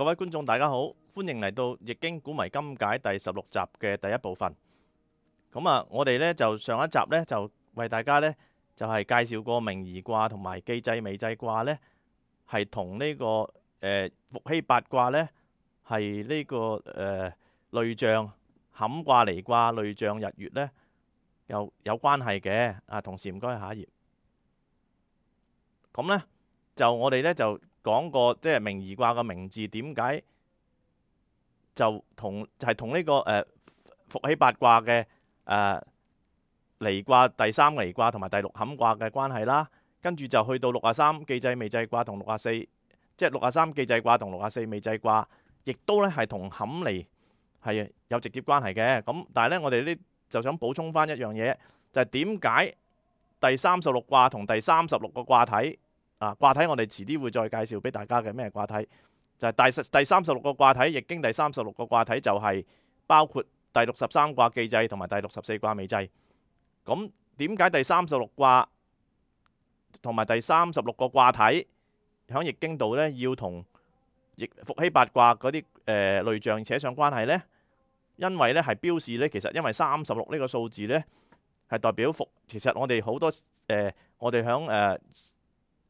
各位觀眾，大家好，歡迎嚟到《易經古謎今解》第十六集嘅第一部分。咁啊，我哋呢就上一集呢，就為大家呢，就係、是、介紹過明夷卦同埋既濟未濟卦呢，係同呢個誒伏羲八卦呢，係呢、這個誒類、呃、象坎卦離卦類象日月呢，又有，有關係嘅啊。同時唔該下一頁。咁呢，就我哋呢，就。講過即係名義卦個名字點解就同就係同呢個誒、呃、伏羲八卦嘅誒離卦第三離卦同埋第六坎卦嘅關係啦，跟住就去到六十三既濟未濟卦同六十四，即係六十三既濟卦同六十四未濟卦，亦都咧係同坎離係有直接關係嘅。咁但係咧，我哋呢就想補充翻一樣嘢，就係點解第三十六卦同第三十六個卦體？啊！卦體我哋遲啲會再介紹俾大家嘅，咩係卦體？就係、是、第十第三十六個卦體，易經第三十六個卦體就係包括第六十三卦既濟同埋第六十四卦未濟。咁點解第三十六卦同埋第三十六個卦體喺易經度呢？要同易伏羲八卦嗰啲誒類象扯上關係呢？因為呢係標示呢。其實因為三十六呢個數字呢，係代表伏，其實我哋好多誒、呃，我哋響誒。呃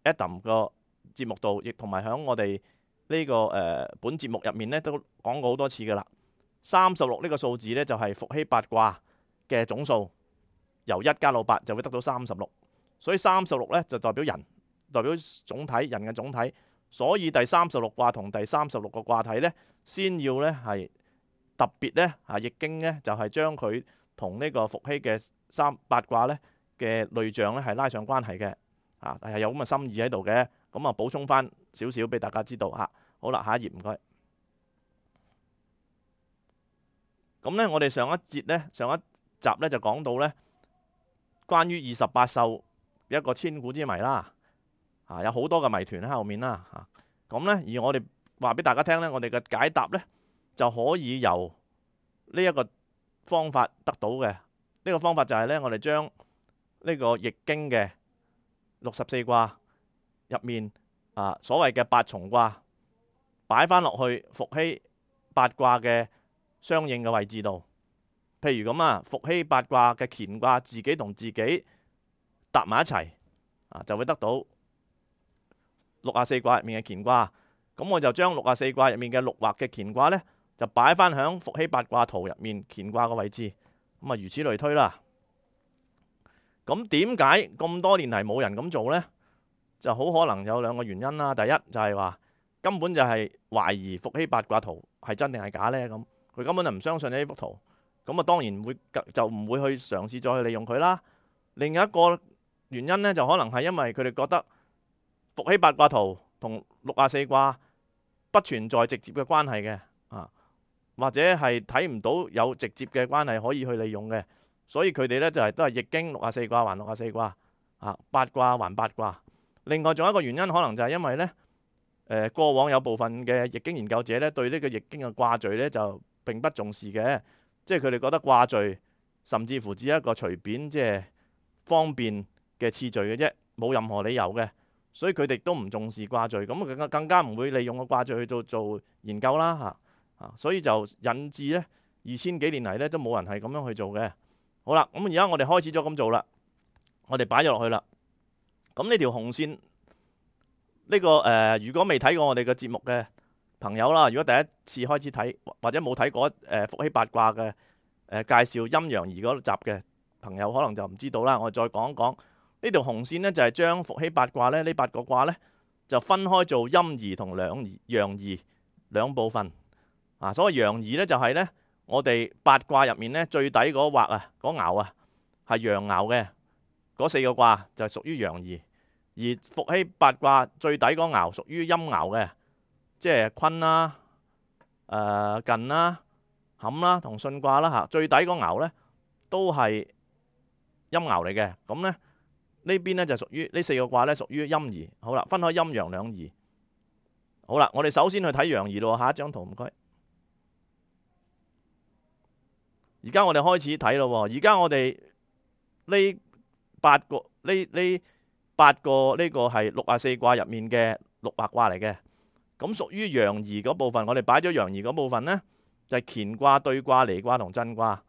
Adam 個節目度，亦同埋喺我哋呢、呢個誒、呃、本節目入面咧，都講過好多次嘅啦。三十六呢個數字咧，就係伏羲八卦嘅總數，由一加到八就會得到三十六。所以三十六咧就代表人，代表總體人嘅總體。所以第三十六卦同第三十六個卦體咧，先要咧係特別咧啊！易經咧就係、係、將佢同呢個伏羲嘅三八卦咧嘅類象咧係拉上關係嘅。啊，係有咁嘅心意喺度嘅，咁啊補充翻少少俾大家知道嚇、啊。好啦，下一頁唔該。咁呢、啊，我哋上一節呢，上一集呢，就講到呢，關於二十八宿一個千古之謎啦。啊，有好多嘅謎團喺後面啦。嚇、啊，咁、啊、咧、啊，而我哋話俾大家聽呢，我哋嘅解答呢，就可以由呢一個方法得到嘅。呢、呢個方法就係呢，我哋將呢個易經嘅，的六十四卦入面啊，所謂嘅八重卦擺翻落去伏羲八卦嘅相應嘅位置度。譬如咁啊，伏羲八卦嘅乾卦自己同自己搭埋一齊啊，就會得到六十四卦入面嘅乾卦。咁我就將六十四卦入面嘅六畫嘅乾卦咧，就擺翻響伏羲八卦圖入面乾卦嘅位置，咁啊，如此類推啦。咁點解咁多年嚟冇人咁做呢？就好可能有兩個原因啦。第一就係話根本就係懷疑伏羲八卦圖係真定係假呢。咁佢根本就唔相信呢幅圖，咁啊當然會就唔會去嘗試再去利用佢啦。另外一個原因呢，就可能係因為佢哋覺得伏羲八卦圖同六十四卦不存在直接嘅關係嘅啊，或者係睇唔到有直接嘅關係可以去利用嘅。所以佢哋咧就係都係易經六十四卦還六十四卦啊，八卦還八卦。另外仲有一個原因，可能就係因為咧，誒過往有部分嘅易經研究者咧對呢個易經嘅卦序咧就並不重視嘅，即係佢哋覺得卦序甚至乎只係一個隨便即係方便嘅次序嘅啫，冇任何理由嘅，所以佢哋都唔重視卦序，咁更加更加唔會利用個卦序去做做研究啦嚇，所以就引致咧二千幾年嚟咧都冇人係咁樣去做嘅。好啦，咁而家我哋開始咗咁做啦，我哋擺咗落去啦。咁呢條紅線，呢、這個誒、呃，如果未睇過我哋嘅節目嘅朋友啦，如果第一次開始睇或者冇睇過誒伏羲八卦嘅誒、呃、介紹陰陽儀嗰集嘅朋友，可能就唔知道啦。我哋再講一講呢條紅線呢就係將伏羲八卦咧呢八個卦呢，就分開做陰儀同兩陽儀兩部分啊。所謂陽儀呢，就係、是、呢。我哋八卦入面咧最底嗰畫啊，嗰爻啊係陽爻嘅，嗰四個卦就屬於陽儀。而伏羲八卦最底嗰爻屬於陰爻嘅，即係坤啦、誒艮啦、坎啦同巽卦啦吓，最底嗰爻咧都係陰爻嚟嘅。咁咧呢邊咧就屬於呢四個卦咧屬於陰儀。好啦，分開陰陽兩儀。好啦，我哋首先去睇陽儀咯，下一張圖唔該。而家我哋開始睇咯，而家我哋呢八個呢呢八個呢個係六啊四卦入面嘅六八卦嚟嘅，咁屬於陽儀嗰部分，我哋擺咗陽儀嗰部分呢，就係乾卦、兌卦、離卦同震卦，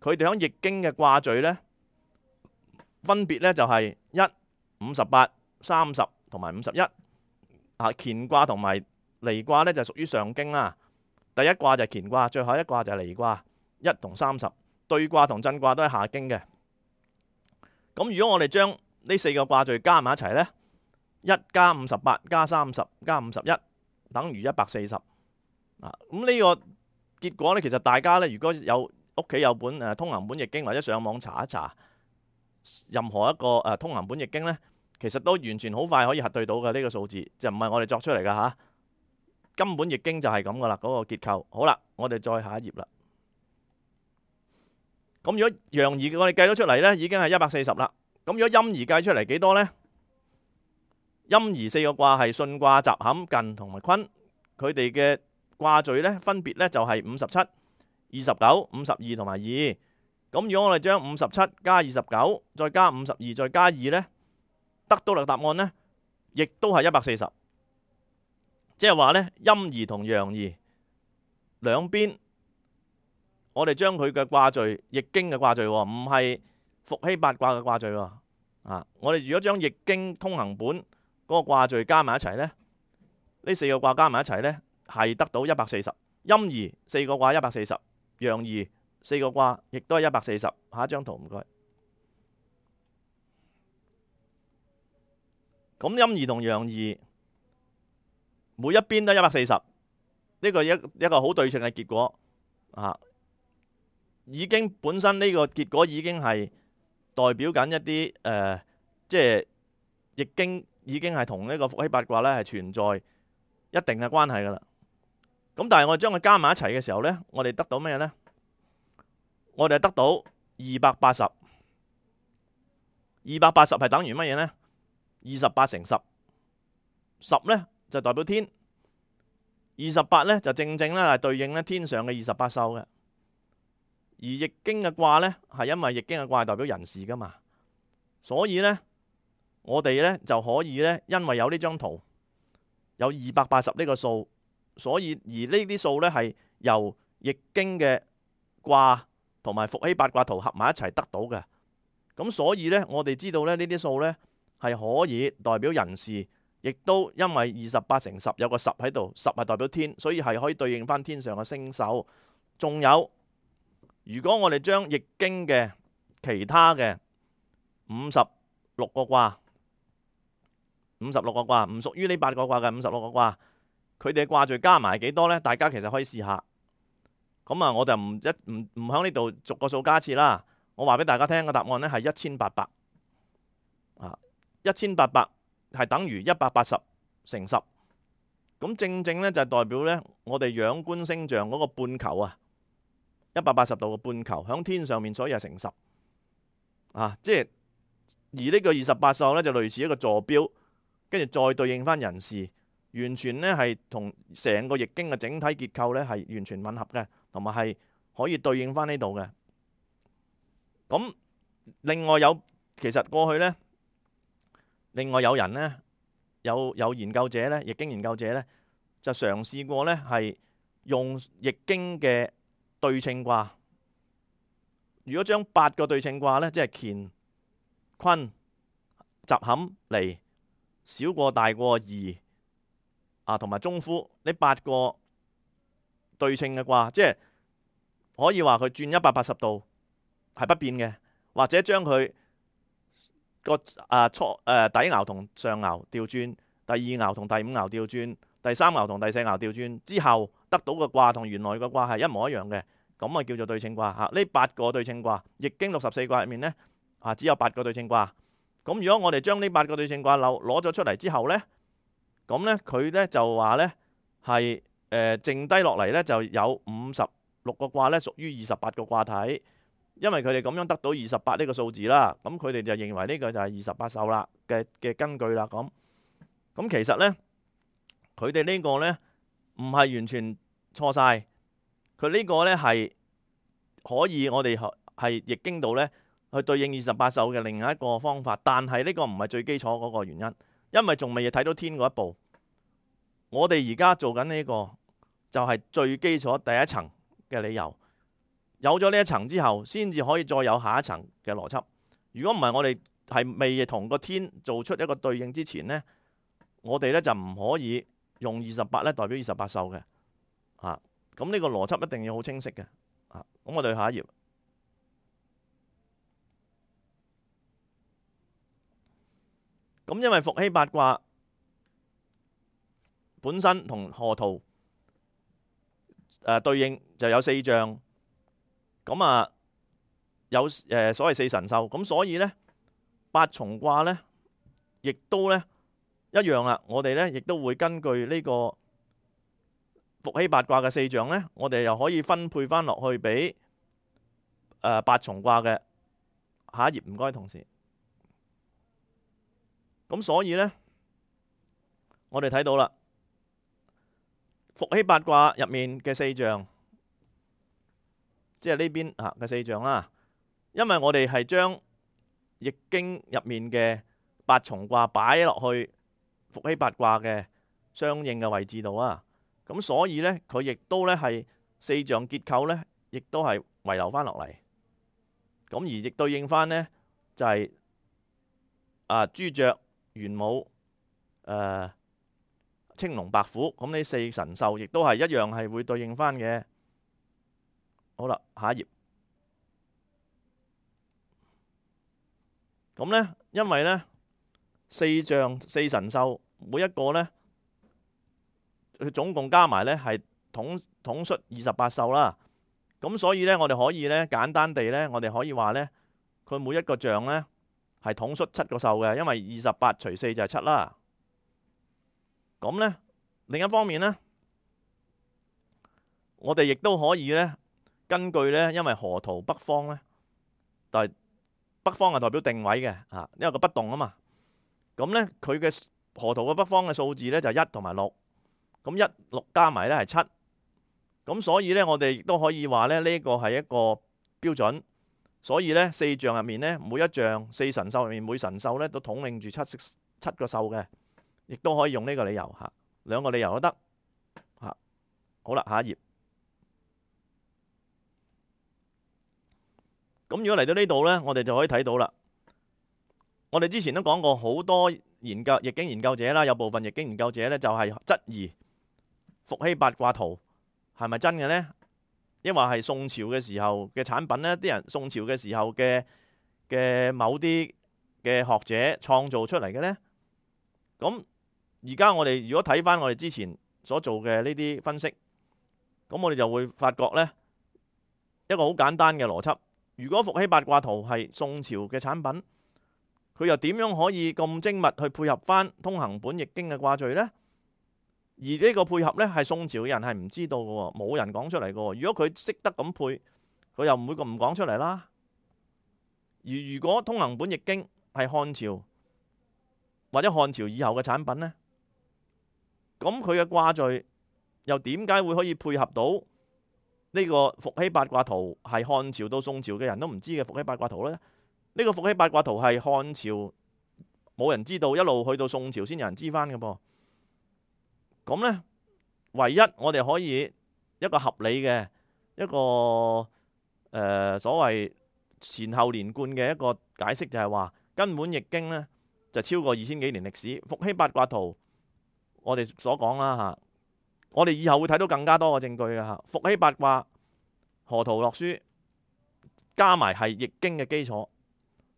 佢哋喺易經嘅卦序呢，分別呢就係一五十八三十同埋五十一，啊乾卦同埋離卦呢，就屬於上經啦，第一卦就係乾卦，最後一卦就係離卦。一同三十對卦同震卦都係下經嘅。咁如果我哋將呢四個卦序加埋一齊呢，一加五十八加三十加五十一，等於一百四十。咁呢個結果呢，其實大家呢，如果有屋企有本誒、啊《通行本易經》，或者上網查一查，任何一個誒、啊《通行本易經》呢，其實都完全好快可以核對到嘅呢、這個數字，就唔係我哋作出嚟噶吓。啊《根本易經》就係咁噶啦，嗰個結構好啦。我哋再下一頁啦。咁如果陽儀我哋計到出嚟咧，已經係一百四十啦。咁如果陰儀計出嚟幾多咧？陰儀四個卦係巽卦、習坎、艮同埋坤，佢哋嘅卦序咧分別咧就係五十七、二十九、五十二同埋二。咁如果我哋將五十七加二十九，再加五十二，再加二咧，得到嘅答案咧，亦都係一百四十。即係話咧，陰儀同陽儀兩邊。我哋將佢嘅卦序《易經》嘅卦序，唔係伏羲八卦嘅卦序啊！我哋如果將《易經》通行本嗰個卦序加埋一齊呢，呢四個卦加埋一齊呢，係得到一百四十陰二四個卦一百四十，陽二四個卦亦都係一百四十。下一張圖唔該，咁陰二同陽二每一邊都一百四十，呢個一一個好對稱嘅結果啊！已經本身呢個結果已經係代表緊一啲誒，即係易經已經係同呢個伏羲八卦咧係存在一定嘅關係噶啦。咁但係我哋將佢加埋一齊嘅時候咧，我哋得到咩咧？我哋係得到二百八十，二百八十係等於乜嘢咧？二十八乘十，十咧就代表天，二十八咧就正正咧係對應咧天上嘅二十八宿嘅。而易經嘅卦呢，係因為易經嘅卦係代表人事噶嘛，所以呢，我哋呢就可以呢，因為有呢張圖有二百八十呢個數，所以而呢啲數呢，係由易經嘅卦同埋伏羲八卦圖合埋一齊得到嘅，咁所以呢，我哋知道呢呢啲數呢，係可以代表人事，亦都因為二十八乘十有個十喺度，十係代表天，所以係可以對應翻天上嘅星宿，仲有。如果我哋將易經嘅其他嘅五十六個卦，五十六個卦唔屬於呢八個卦嘅五十六個卦，佢哋嘅卦序加埋幾多呢？大家其實可以試下。咁啊，我就唔一唔唔響呢度逐個數加次啦。我話俾大家聽嘅答案呢係一千八百，一千八百係等於一百八十乘十。咁正正呢，就係代表呢我哋仰觀星象嗰個半球啊。一百八十度嘅半球響天上面，所以係成十啊！即係而這個呢個二十八宿咧，就類似一個坐標，跟住再對應翻人事，完全咧係同成個易經嘅整體結構咧係完全吻合嘅，同埋係可以對應翻呢度嘅。咁另外有其實過去咧，另外有人咧，有有研究者咧，易經研究者咧，就嘗試過咧係用易經嘅。對稱卦，如果將八個對稱卦呢，即係乾、坤、習坎、離、小過、大過、頤啊、同埋中孚呢八個對稱嘅卦，即係可以話佢轉一百八十度係不變嘅，或者將佢個啊初誒、啊、底爻同上爻調轉，第二爻同第五爻調轉，第三爻同第四爻調轉之後。得到嘅卦同原來嘅卦係一模一樣嘅，咁啊叫做對稱卦吓。呢八個對稱卦，易經六十四卦入面咧，啊只有八個對稱卦。咁如果我哋將呢八個對稱卦漏攞咗出嚟之後咧，咁咧佢咧就話咧係誒剩低落嚟咧就有五十六個卦咧屬於二十八個卦體，因為佢哋咁樣得到二十八呢個數字啦，咁佢哋就認為呢個就係二十八宿啦嘅嘅根據啦咁。咁其實咧，佢哋呢個咧。唔係完全錯晒，佢呢個呢，係可以我哋係易經度呢去對應二十八宿嘅另外一個方法，但係呢個唔係最基礎嗰個原因，因為仲未睇到天嗰一步。我哋而家做緊呢個就係最基礎第一層嘅理由，有咗呢一層之後，先至可以再有下一層嘅邏輯。如果唔係，我哋係未同個天做出一個對應之前呢，我哋呢就唔可以。用二十八咧代表二十八宿嘅，啊，咁呢個邏輯一定要好清晰嘅。啊，咁我哋下一頁。咁因為伏羲八卦本身同河圖誒對應就有四象，咁啊有誒所謂四神獸，咁所以咧八重卦咧亦都咧，一樣啊！我哋咧亦都會根據呢個伏羲八卦嘅四象咧，我哋又可以分配翻落去俾誒八重卦嘅下一頁。唔該，同事。咁所以咧，我哋睇到啦，伏羲八卦入面嘅四象，即係呢邊啊嘅四象啦。因為我哋係將易經入面嘅八重卦擺落去。伏羲八卦嘅相應嘅位置度啊，咁所以呢，佢亦都呢係四象結構呢亦都係遺留翻落嚟，咁而亦對應翻呢，就係、是、啊朱雀玄武誒、啊、青龍白虎，咁呢四神獸亦都係一樣係會對應翻嘅。好啦，下一頁，咁咧因為呢四象四神獸。每一個呢，佢總共加埋呢係統率二十八宿啦。咁所以呢，我哋可以呢簡單地呢，我哋可以話呢，佢每一個象呢係統率七個宿嘅，因為二十八除四就係七啦。咁呢，另一方面呢，我哋亦都可以呢根據呢，因為河圖北方呢，代北方係代表定位嘅嚇，因為個不動啊嘛。咁呢，佢嘅河圖嘅北方嘅數字呢，就一同埋六，咁一六加埋呢係七，咁所以呢，我哋亦都可以話呢呢個係一個標準，所以呢，四象入面呢，每一象四神獸入面每神獸呢都統領住七七個獸嘅，亦都可以用呢個理由吓，兩個理由都得吓。好啦，下一頁，咁如果嚟到呢度呢，我哋就可以睇到啦，我哋之前都講過好多。研究易經研究者啦，有部分易經研究者咧就係質疑伏羲八卦圖係咪真嘅咧？因為係宋朝嘅時候嘅產品咧，啲人宋朝嘅時候嘅嘅某啲嘅學者創造出嚟嘅咧。咁而家我哋如果睇翻我哋之前所做嘅呢啲分析，咁我哋就會發覺咧一個好簡單嘅邏輯，如果伏羲八卦圖係宋朝嘅產品。佢又點樣可以咁精密去配合翻通行本易經嘅卦序呢？而呢個配合呢，係宋朝嘅人係唔知道嘅喎，冇人講出嚟嘅喎。如果佢識得咁配，佢又唔會咁唔講出嚟啦。而如果通行本易經係漢朝或者漢朝以後嘅產品呢，咁佢嘅卦序又點解會可以配合到呢個伏羲八卦圖？係漢朝到宋朝嘅人都唔知嘅伏羲八卦圖呢。呢個伏羲八卦圖係漢朝冇人知道，一路去到宋朝先有人知翻嘅噃。咁呢，唯一我哋可以一個合理嘅一個誒、呃、所謂前後連貫嘅一個解釋，就係話根本易經呢，就超過二千幾年歷史。伏羲八卦圖我哋所講啦吓，我哋以後會睇到更加多嘅證據嘅吓。伏羲八卦、河圖洛書加埋係易經嘅基礎。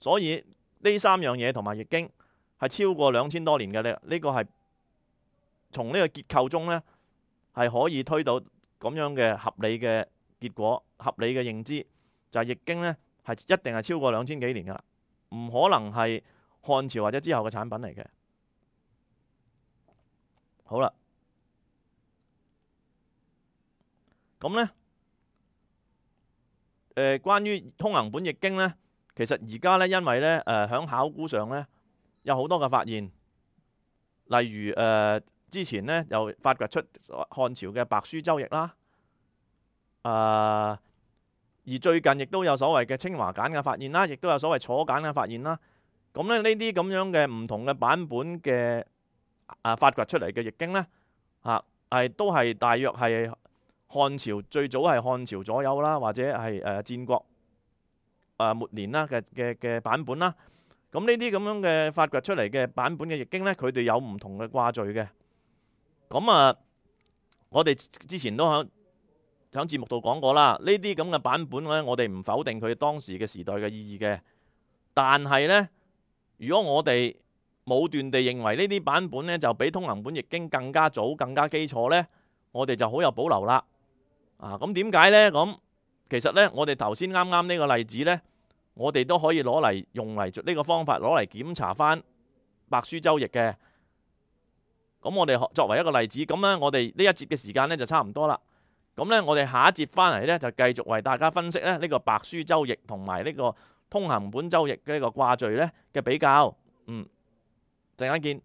所以呢三樣嘢同埋《易經》係超過兩千多年嘅咧，呢個係從呢個結構中咧係可以推到咁樣嘅合理嘅結果、合理嘅認知，就係《易經》咧係一定係超過兩千幾年噶啦，唔可能係漢朝或者之後嘅產品嚟嘅。好啦，咁咧，誒，關於通行本《易經》咧。其實而家咧，因為咧，誒喺考古上咧，有好多嘅發現，例如誒之前咧又發掘出漢朝嘅《帛書周易》啦，誒而最近亦都有所謂嘅清華簡嘅發現啦，亦都有所謂楚簡嘅發現啦。咁咧呢啲咁樣嘅唔同嘅版本嘅啊發掘出嚟嘅《易經》咧，嚇係都係大約係漢朝，最早係漢朝左右啦，或者係誒戰國。啊末年啦嘅嘅嘅版本啦，咁呢啲咁樣嘅發掘出嚟嘅版本嘅易經呢，佢哋有唔同嘅卦序嘅。咁啊，我哋之前都響響節目度講過啦，呢啲咁嘅版本咧，我哋唔否定佢當時嘅時代嘅意義嘅。但係呢，如果我哋武斷地認為呢啲版本呢，就比通行本易經更加早、更加基礎呢，我哋就好有保留啦。啊，咁點解呢？咁？其實呢，我哋頭先啱啱呢個例子呢，我哋都可以攞嚟用嚟呢個方法攞嚟檢查翻白書周易嘅。咁我哋作為一個例子，咁呢，我哋呢一節嘅時間呢就差唔多啦。咁呢，我哋下一節翻嚟呢，就繼續為大家分析呢呢個白書周易同埋呢個通行本周易嘅呢個卦序呢嘅比較。嗯，陣間見。